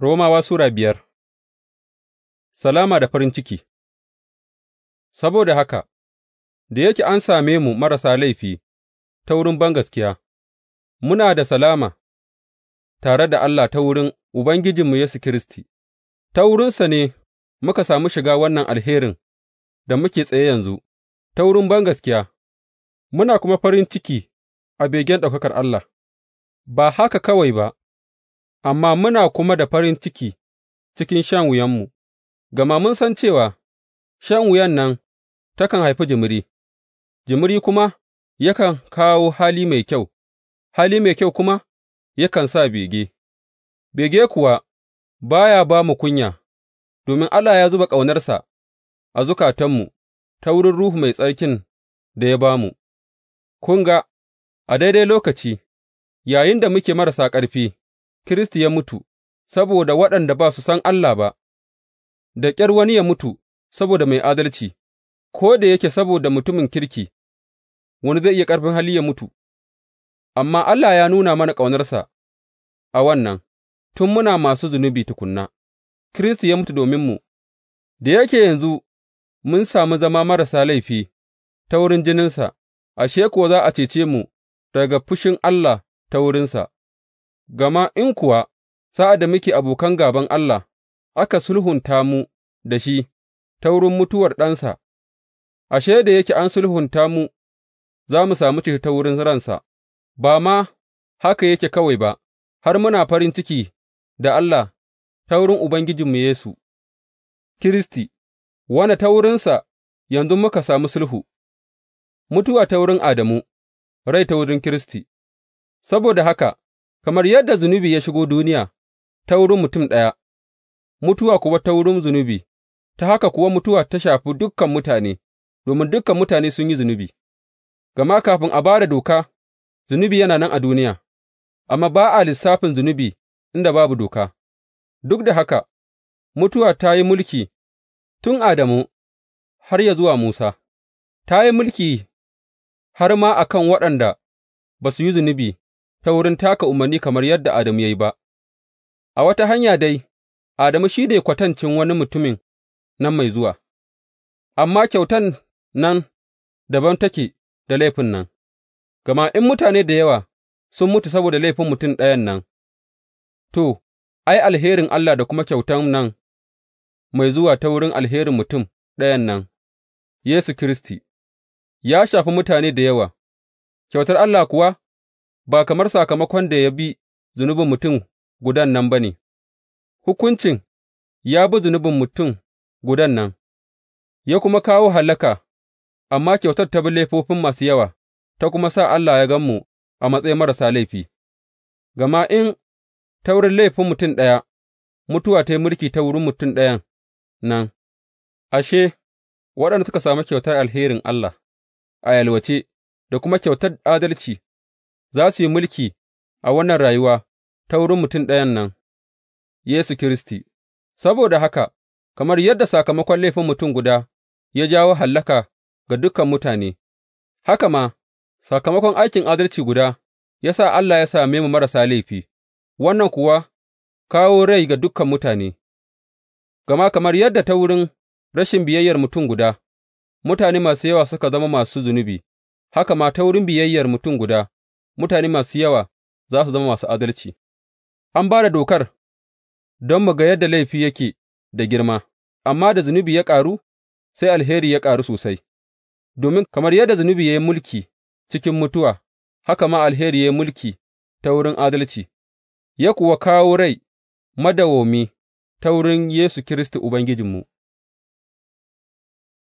Romawa Sura biyar Salama da farin ciki Saboda haka, da yake an same mu marasa laifi ta wurin bangaskiya, muna da salama tare da Allah ta wurin Ubangijinmu Yesu Kiristi, ta wurinsa ne muka sami shiga wannan alherin da muke tsaye yanzu, ta wurin bangaskiya, muna kuma farin ciki a begen ɗaukakar Allah, ba haka kawai ba. amma muna kuma da farin ciki cikin shan wuyanmu, gama mun san cewa shan wuyan nan takan haifi jimiri, jimiri kuma yakan kawo hali mai kyau, hali mai kyau kuma yakan sa bege, bege kuwa ba ya ba mu kunya, domin Allah ya zuba ƙaunarsa a zukatanmu ta wurin Ruhu Mai Tsarkin da ya ba mu, kun ga, a daidai lokaci, yayin da muke marasa ƙarfi. Kiristi ya mutu saboda waɗanda ba su san Allah ba, da ƙyar wani ya mutu saboda mai adalci, ko da yake saboda mutumin kirki, wani zai iya ƙarfin hali ya mutu, amma Allah ya nuna mana ƙaunarsa a wannan, tun muna masu zunubi tukunna, Kiristi ya mutu mu. da yake yanzu mun sami zama marasa laifi ta wurin jininsa, ashe kuwa za a cece mu daga fushin Allah ta wurinsa. Gama in kuwa sa'ad da muke abokan gāban Allah, aka sulhunta mu da shi ta wurin mutuwar Ɗansa, ashe, da yake an sulhunta mu, za mu sami ciki ta wurin ransa, ba ma haka yake kawai ba, har muna farin ciki da Allah ta wurin Ubangijinmu Yesu Kiristi, wanda ta wurinsa yanzu muka sami sulhu, mutuwa ta wurin Adamu, rai ta wurin Kiristi, saboda haka. Kamar yadda zunubi ya shigo duniya ta wurin mutum ɗaya, mutuwa kuwa ta wurin zunubi, ta haka kuwa mutuwa ta shafi dukkan mutane, domin dukan mutane sun yi zunubi, gama kafin a ba da doka, zunubi yana nan a duniya, amma ba a lissafin zunubi inda babu doka, duk da haka, mutuwa ta yi mulki tun Adamu har ya zuwa Musa, ta yi mulki har ma a kan waɗanda ba su yi zunubi ta wurin taka umarni kamar yadda Adamu ya yi ba, a wata hanya dai, Adamu shi ne kwatancin wani mutumin nan mai zuwa, amma kyautan nan daban take da laifin nan, gama in mutane da yawa sun mutu saboda laifin mutum ɗayan nan, to, ai, alherin Allah da kuma kyautan nan mai zuwa ta wurin alherin mutum ɗayan nan, Yesu Kiristi, ya shafi mutane da yawa, kyautar Allah kuwa ba kamar sakamakon da ya bi zunubin mutum gudan nan ba ne, hukuncin ya bi zunubin mutum gudan nan, ya kuma kawo hallaka, amma kyautar ta bi laifofin masu yawa, ta kuma sa Allah ya gan mu a matsayin marasa laifi, gama in ta wurin laifin mutum ɗaya, mutuwa ta yi mulki ta wurin mutum ɗayan nan, ashe, waɗanda suka sami kyautar alherin Allah a yalwace da kuma kyautar adalci za su yi mulki a wannan rayuwa ta wurin mutum ɗayan nan, Yesu Kiristi, saboda haka, kamar yadda sakamakon laifin mutum guda ya jawo hallaka ga dukan mutane, haka ma, sakamakon aikin adalci guda ya sa Allah ya same mu marasa laifi, wannan kuwa kawo rai ga dukan mutane, gama kamar yadda ta wurin rashin biyayyar mutum guda, mutane masu yawa suka zama masu zunubi, haka ma ta wurin biyayyar mutum guda. mutane masu yawa za su zama masu adalci, an ba da dokar don mu ga yadda laifi yake da girma, amma da zunubi ya ƙaru, sai alheri ya ƙaru sosai, domin kamar yadda zunubi ya yi mulki cikin mutuwa, haka ma alheri ya yi mulki ta wurin adalci, ya kuwa kawo rai madawomi ta wurin Yesu Kiristi Ubangijinmu.